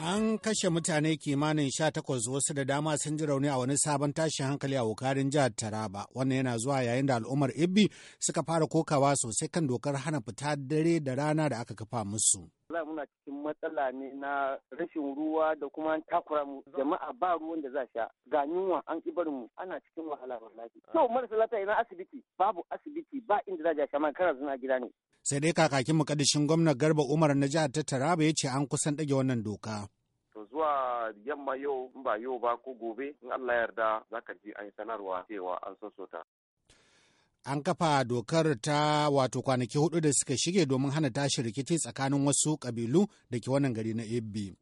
An kashe mutane kimanin sha takwas wasu da dama sun ji rauni a wani sabon tashin hankali a wukarin jihar Taraba. Wannan yana zuwa yayin da al'ummar Ibbi suka fara kokawa sosai kan dokar hana fita dare da rana da aka kafa musu. za muna cikin matsala ne na rashin ruwa da kuma an takura mu jama'a ba ruwan da za sha ga yunwa an kibar mu ana cikin wahala wallahi to marasa lafiya ina asibiti babu asibiti ba inda za a sha man kana zuna gida ne sai dai kakakin mukaddishin gwamnan garba umar na jihar ta taraba ya ce an kusan ɗage wannan doka zuwa yamma yau in ba yau ba ko gobe in Allah yarda za ka ji an sanarwa cewa an sosota. An kafa dokar ta wato kwanaki hudu da suka shige domin hana tashi rikici tsakanin wasu kabilu da ke wannan gari na ebbi